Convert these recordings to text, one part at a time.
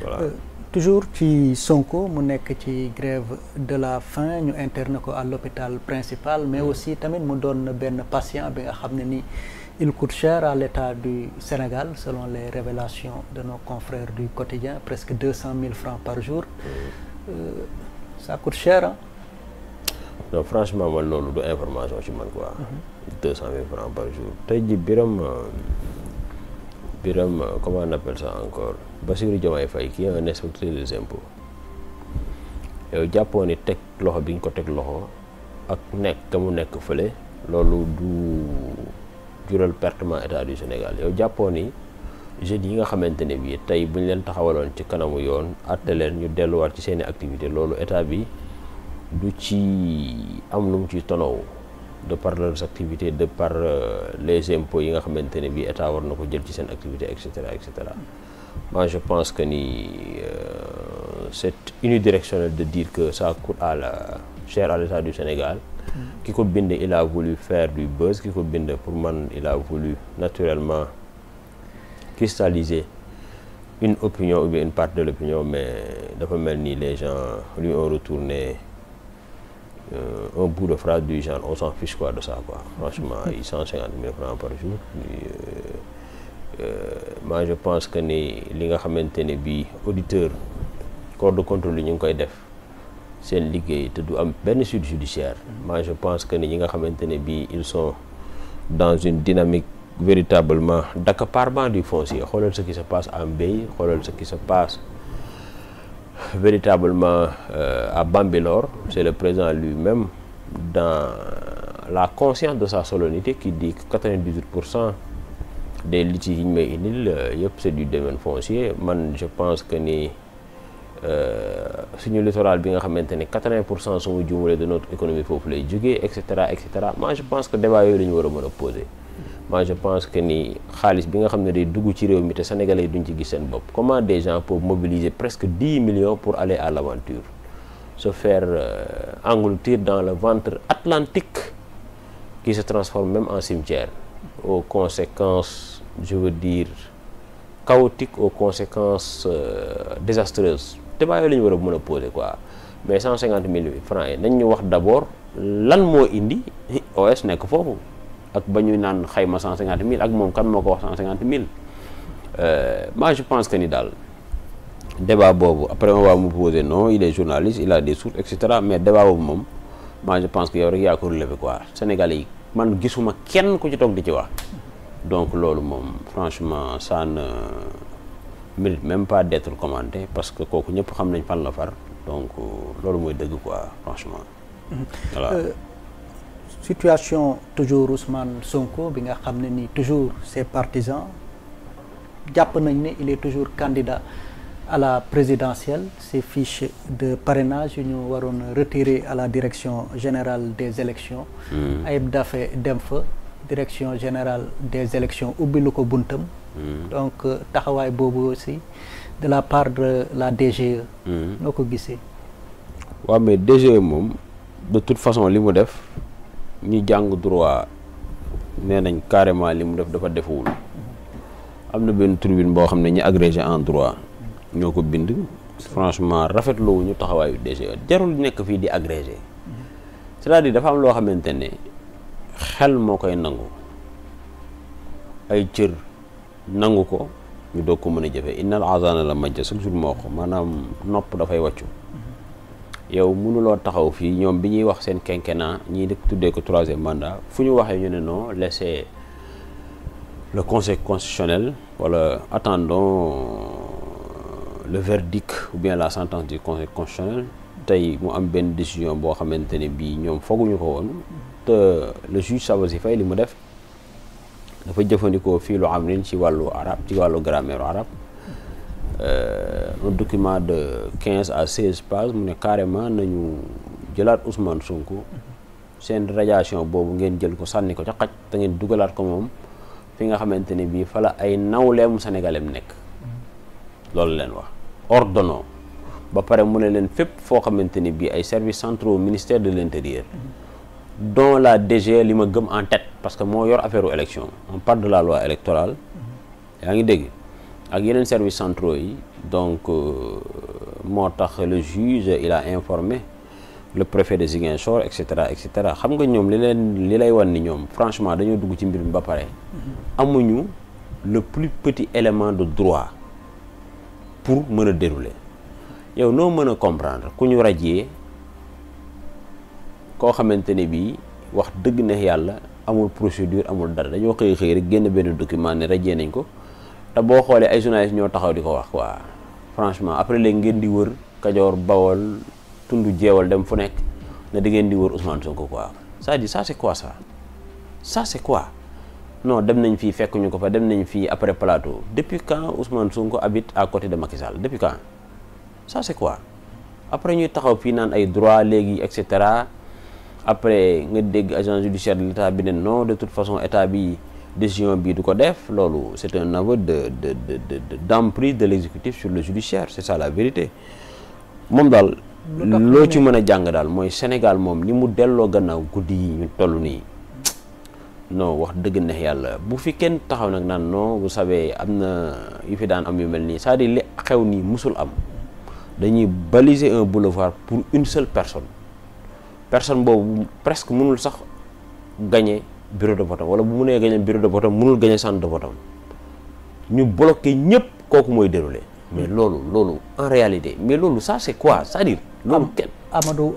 voilà euh, toujours ci Sonko mu nekk ci grève de la fin ñu interne ko à l'hôpital principal mais mm. aussi tamit mu doon benn patient bi nga xam ne ni il coûte cher à l'État du Sénégal selon les révélations de no confrères du quotidien presque deux cent mille francs par jour sa mm. euh, ça cher ah franchement man loolu du information ci man quoi mm-hmm. deux par jour tey ji biram Biram comment on appelle encore Bassirou Diomaye Faye qui est un inspecteur des impôts yow jàppoo ni teg loxo bi nga ko teg loxo ak nekk ka mu nekk fële loolu du jural pertement état du Sénégal yow jàppoo ni jeunes yi nga xamante ne bii tey bu ñu leen taxawaloon ci kanamu yoon àtte leen ñu delluwaat ci seeni activité loolu état bi du ci am lu mu ci tonowu de par leurs activités de par euh, les impôts yi nga xamante ne bii état war na ko jël ci seen activité et cetera et cetera moi je pense que nii ni uni euh, unidirectionnel de dire que ça coûte à la cher à l'état du Sénégal ki ko bind il a voulu faire du buzz ki ko bind pour man il a voulu naturellement cristalliser une opinion ou bien une partie de l'opinion mais dafa mel ni les gens lui ont retourné Euh, un bout de phrase du genre on s'en fiche quoi de ça quoi franchement ay cent cinquante mille francs par jour euh, euh, moi je pense que ni li nga xamante ne bii auditeur corps de contrôle yi ñu ngi koy def seen liggéey te du am benn suite judiciaire moi je pense que ni ñi nga xamante ne bii ils sont dans une dynamique véritablement d'accaparement du foncier xoolal ce qui se passe à Mbey xoolal ce qui se passe véritablement euh, à Bambilor, c'est le président lui-même, dans la conscience de sa solennité, qui dit que 98% des litiges inil, euh, c'est du domaine foncier. Man, je pense que ni, euh, suñu littoral bi nga xamante ne quatre-vingt pour cent su ma juumalee de notre économie foofu lay jógee et cetera et cetera moi je pense que débat yooyu la ñu war a mën a poser moi je pense que ni xaalis bi nga xam ne day dugg ci réew mi te sénégalais yi duñ ci gis seen bopp comment des gens peuvent mobiliser presque 10 millions pour aller à l'aventure se faire euh, dans le ventre atlantique qui se transforme même en cimetière au conséquences je veux dire chaotiques aux conséquences euh, désastreuses débat yooyu la ñu war a mën a poser quoi mais 150 000 francs yi nañ ñu wax d'abord lan moo indi OS nekk foofu ak ba ñuy naan xayma cent cinquante mille ak moom kan moo ko wax cent cinquante mille euh, moi je pense que ni daal débat boobu après on va me poser non il est journaliste il a des sources et cetera mais débat boobu moom ma je pense que yow rek yaa ko relevé quoi Sénégalais yi man gisuma kenn ku ci toog di ci wax donc loolu moom franchement ça ne même pas d'être commandé parce que kooku ñëpp xam nañ fan la far donc euh, loolu mooy dëgg quoi franchement mm-hmm. voilà euh, situation toujours Ousmane Sonko bi nga xam ne ni toujours ses partisans jàpp nañ ne il est toujours candidat à la présidentielle ces fiches de parrainage yu ñu waroon retirer à la direction générale des élections hmm. Ayib Daffé dem fa direction générale des élections ubbi lu ko buntam hmm. donc euh, taxawaay boobu aussi de la part de la DGE hmm. noo ko gisee waaw mais DGE moom de toute façon li mu def ñi jàng droit nee nañ carrément li mu def dafa defuwul am na benn tribune boo xam ne ñi agrégé en droit ñoo ko bind franchement rafetlu wu ñu taxawaayu DGE jarul nekk fii di agrégé c'est-à-dire dafa am loo xamante ne xel moo koy nangu ay cër nangu ko ñu doog ko mën a jëfe innal azana la majja chaque jour moo ko maanaam nopp dafay wàccu yow mënuloo taxaw fii ñoom bi ñuy wax seen quinquennat ñii di tuddee ko troisième mandat fu ñu waxee ñu ne non laissez le conseil constitutionnel wala attendons le verdict ou bien la sentence du conseil constitutionnel tey mu am benn décision boo xamante ne bii ñoom fooguñu ko woon te le juge si fay li mu def dafa jëfandikoo fii lu am rin ci wàllu arab ci wàllu grammaire arab Euh, un document de quinze à seize pages mu ne carrément nañu jëlaat Ousmane Sonko seen radiation boobu ngeen jël ko sànni ko ca xaj te ngeen dugalaat ko moom fi nga xamante ne bii fala ay nawleemu sénégalais mu nekk loolu leen wax ordonnons ba pare mu ne leen fépp foo xamante ni bii ay services centraux ministère de l'intérieur dont la DG li ma gëm en tête parce que moo yor affaire élection on parle de la loi yaa ngi dégg ak yeneen service centraux yi donc euh, moo tax le juge il a informé le préfet de Ziguinchor et cetera et cetera xam nga ñoom li li lay wan ni ñoom franchement dañoo dugg ci mbir mi ba pare. amuñu le plus petit élément de droit pour mën a dérouler yow noo mën a comprendre ku ñu rajee koo xamante ne bii wax dëgg neex yàlla amul procédure amul dara dañoo xëy xëy rek génn benn document ne rajee nañ ko. te boo xoolee ay journalistes ñoo taxaw di ko wax quoi franchement après léegi ngeen di wër Kajoor Bawol tund jeewal dem fu nekk ne di ngeen di wër Ousmane Sonko quoi c'est-à-dire ça c'est quoi ça ça c'est quoi non dem nañ fii fekk ñu ko fa dem nañ fii après plateau depuis quand Ousmane Sonko habite à côté de Macky Sall depuis quand ça c'est quoi après ñuy taxaw fii naan ay droit léegi et cetera après nga dégg agent judiciaire de l'État bi ne non de toute façon état bi décision bii du ko def loolu c'est un aveu de de de d'emprise de l'exécutif sur le judiciaire c'est ça la vérité moom daal loo ci mën a jàng daal mooy Sénégal moom ni mu delloo gannaaw guddi yi ñu toll nii noo wax dëgg neex yàlla bu fi kenn taxaw nag naan non vous am na yu fi daan am yu mel nii c'est-à-dire xew nii musul am dañuy baliser un boulevard pour une seule personne personne boobu presque mënul sax gagner bureau de vote wala bu mu mënee gagné bureau de vote mënul gagné centre de vote ñu bloqué ñëpp kooku mooy déroulé mais loolu loolu en réalité mais loolu ça c'est quoi c'est-à-dire loolu kenn Amadou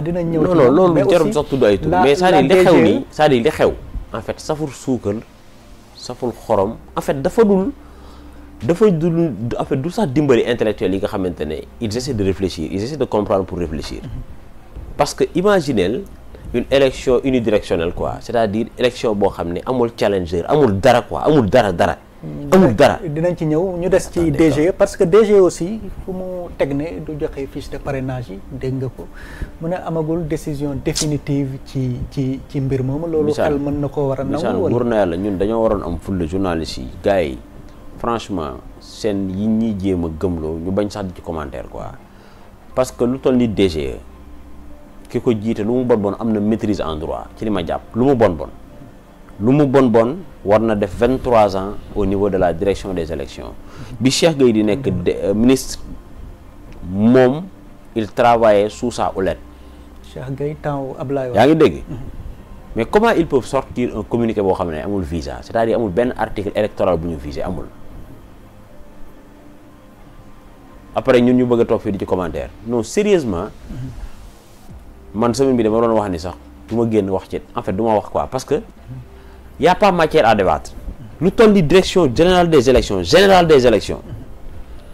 dinañ ñëw non non loolu jarul sax tudd ay tur mais cest à xew nii cest à xew en fait saful suukal saful xorom en fait dafa dul dafa dul en fait du sax dimbali intellectuels yi nga xamante ne ils essaient de réfléchir ils essaient de comprendre pour réfléchir mhm. parce que imaginez une élection unidirectionnelle quoi c'est-à-dire élection boo xam ne amul challenger amul dara quoi amul dara dara. Hmm. amul dara dinañ ci ñëw ñu des ci DG parce que DG aussi fu mu teg ne du joxe fiche de parrainage yi dégg nga ko mu ne amagul décision définitive ci ci ci mbir moomu. loolu xel mën na koo war a nangu wóor na yàlla ñun dañoo waroon am fulla journaliste yi gars yi franchement seen yi ñuy jéem a gëmloo ñu bañ sax di ci commentaire quoi parce que lu tol ni DG. ki ko jiite lu mu bon bon am na maîtrise en droit ci li ma jàpp lu mu bon bon lu mu bon bon war na def vingt trois ans au niveau de la direction des élections bi Cheikh Gueye di nekk euh, ministre moom il travaillait sous sa houlette. Cheikh Gueye temps Ablaye yaa ngi dégg. Mhm. mais comment il peuvent sortir un communiqué boo xam ne amul visa c'est-à-dire amul benn article électoral bu ñu visé amul. après ñun ñu bëgg a toog fii di ci commentaire non sérieusement mhm. man semaine bi dama doon wax ni sax du ma génn wax ci en fait du ma wax quoi parce que y a pas matière à débattre lu toll di direction générale des élections général des élections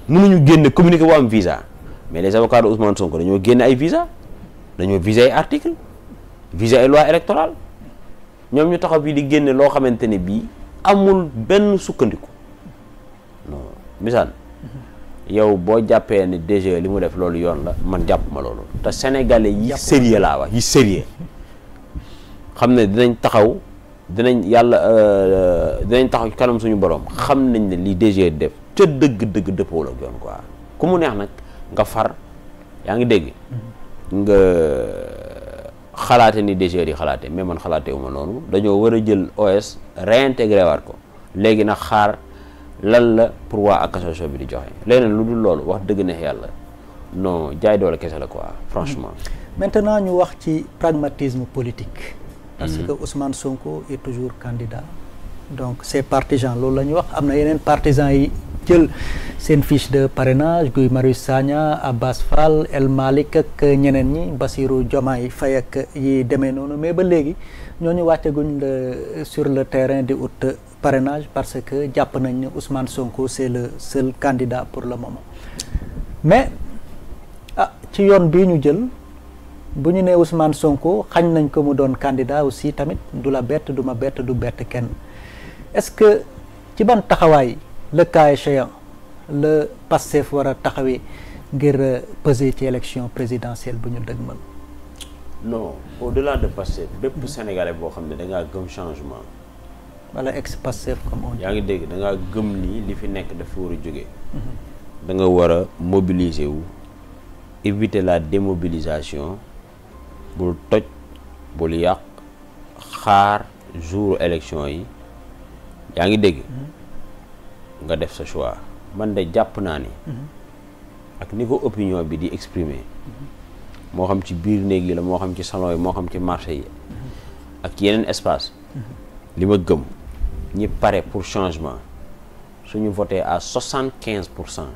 mënuñu génn communiqué bu am visa mais les avocats de Ousmane ko dañoo génne ay visa dañoo visé ay article visé ay loi électorale ñoom ñu taxaw bi di génne loo xamante ne bii amul benn sukkandiku non misaan yow boo jàppee ni DG li mu def loolu yoon la man jàpp ma loolu te sénégalais yi sérieux laa wax yi sérieux xam ne dinañ taxaw dinañ yàlla euh, euh, dinañ taxaw ci suñu borom xam nañ ne li DG def ca dëgg-dëgg dëppool ak yoon quoi ku mu neex nag nga far yaa ngi dégg mm-hmm. nga euh, xalaate ni DG di xalaate mais man xalaate wu ma noonu dañoo war a jël OS réintégré ko léegi nag xaar lan la pour waa ak association bi di joxe leneen lu dul loolu wax dëgg neex yàlla non jaay doole kese la quoi franchement. Hmm. maintenant ñu wax ci pragmatisme politique. Hmm. parce que Ousmane Sonko est toujours candidat. donc ces partisans loolu la ñu wax am na yeneen partisans yi jël seen fiche de parrainage Guy Marius Sagna Abbas Fall El Malick ak ñeneen ñi Bassirou Diomaye fay ak yi demee noonu mais ba léegi ñooñu wàcceguñ la sur le terrain di ut. parrainage parce que jàpp nañ ne Ousmane Sonko c'est le seul candidat pour le moment mais ah ci yoon bii ñu jël bu ñu nee Ousmane Sonko xañ nañ ko mu doon candidat aussi tamit du la bett du ma bett du bett kenn est-ce que ci ban taxawaay le cas échéant le fu war a taxawee ngir euh, peser ci élection présidentielle bu ñu dëgmal. non au-delà de Pastef bépp Sénégalais boo xam ne da ngaa gëm changement. wala ex Pastef comme yaa ngi dégg da gëm ni li fi nekk dafa war a jóge mhm. da nga war a mobiliser wu éviter la démobilisation bul toj bul yàq xaar jour élection yi yaa ngi dégg. Mhm. nga def sa choix man de jàpp naa ni. Mhm. ak ni ko opinion bi di exprimer moo xam ci biir néeg yi la moo xam ci salon yi moo xam ci marché yi. ak yeneen espace. li ma gëm ñi pare pour changement suñu voté à quinze pour cent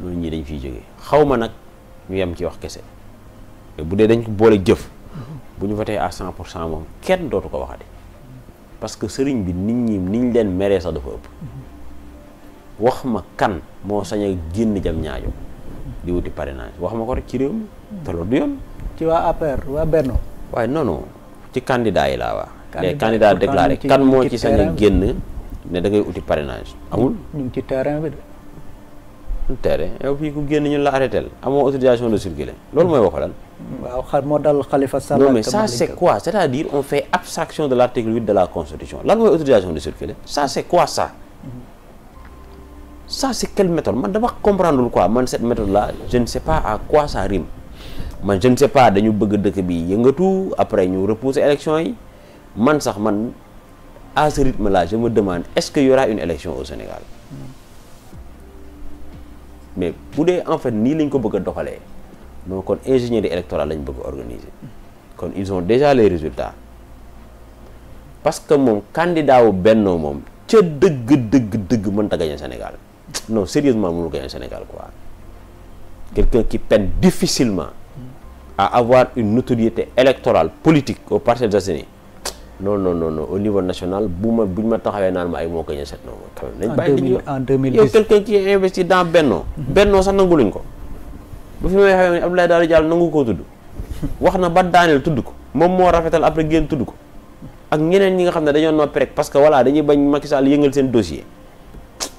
ñooñu ñii dañ fiy jógee xaw ma nag ñu yem ci wax kese bu dee dañ ko boole jëf bu ñu voté à cent pour cent moom kenn dootu ko waxati parce que sëriñ bi nit ñi niñ leen meree sax dafa ëpp wax ma kan moo sañ a génn jam ñaajo di wuti parrainage wax ma ko rek ci réew mi te du yoon. ci waa APR waa Benno. waaye noonu ci candidat yi laa waa. mais candidat déclaré kan moo ci sañ a génn ne da ngay uti parrainage amul. ñu ngi ci terrain bi de. terrain yow fii ku génn ñun la arrêté amoo autorisation de circuler loolu mooy waxu lan. waaw xam moo dal Khalifa Sall. non mais ça c' est quoi c' à dire on fait abstraction de l' article lan mooy autorisation de circuler ça c' est quoi ça. ça man dama comprendre quoi man cette méthode là je ne pas à quoi ça rime man je ne pas dañu bëgg dëkk bi yëngatu après ñu repousser élection yi. man sax man à ce rythme là je demande est-ce que y aura une élection au Sénégal mais bu dee en fait nii lañ ko bëgg a doxalee non kon ingénierie électoral lañu bëgg a kon ils ont déjà les résultats parce que moom candidat wu bennoo moom ca dëgg dëgg dëgg mënta gagner Sénégal non sérieusement mënul gagner Sénégal quoi quelqu'un qui peine difficilement à avoir une notoriété électoral politique aux Parcelles Assainies non non non non au niveau national bu ma bu ñu ma taxawee naan ma ay moo gagné set non quand même nañ bàyyi en 2010 yow quelqu'un qui investit dans Benno mhm. Benno sax nangu luñ ko bu fi may xamee Abdoulaye Daouda Diallo nangu koo tudd wax na ba daaneel tudd ko moom moo rafetal après génn tudd ko ak ñeneen ñi nga xam ne dañoo noppi rek parce que voilà dañuy bañ Macky Sall yëngal seen dossier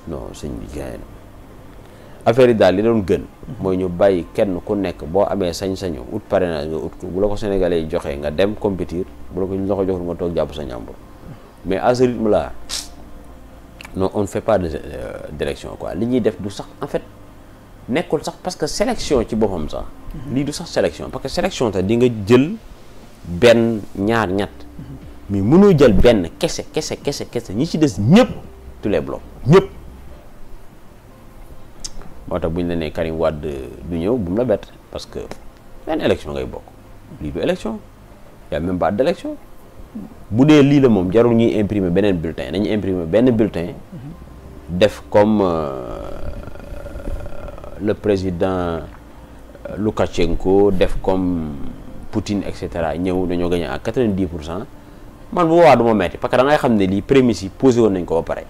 non sëñ bi gars affaire yi daal li doon gën mooy ñu bàyyi kenn ku nekk boo amee sañ-sañu ut parrainage nga ut ko bu la ko sénégalais yi joxee nga dem compétir bu la ko ñu la ko joxul nga toog jàpp sa ñàmbur mais à ce rythme là non on fait pas de euh, direction quoi li ñuy def du sax en fait nekkul sax parce que sélection ci boppam sax mm-hmm. lii du sax sélection parce que sélection sax di nga jël benn ñaar ñett mm-hmm. mais mënoo jël benn kese kese kese kese ñi ci des ñëpp tous les blocs ñëpp moo tax bu ñu la nee Karim Wade du ñëw bu mu la bett parce que election ngay bokk lii du élection y a même d'élection bu dee lii la moom jarul ñuy imprimer beneen bulletin nañu imprimer benn bulletin def comme euh, le président euh, Loukachenko def comme Poutine et cetera ñëw dañoo gagné à quatre-vingt-dix pour cent man bu boobaa du ma metti parce que da xam ne lii prémices yi posé woon nañ ko ba pare.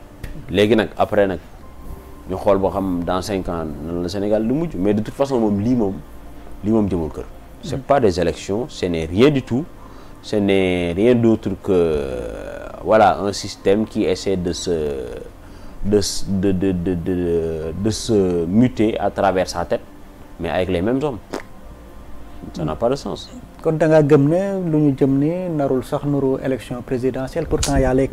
léegi nag après nag ñu xool boo xam dans cinquante ans nan la Sénégal lu mujj mais de toute façon moom lii moom lii moom jëmul kër. c'est pas des élections ce n'est rien du tout. ce n'est rien d'autre que voilà un système qui essaie de se de de de de de, de se muter à travers sa tête mais avec les mêmes hommes ça n'a pas de sens. kon da gëm ne lu ñu jëm ni narul sax nuru élection présidentielle pourtant y a les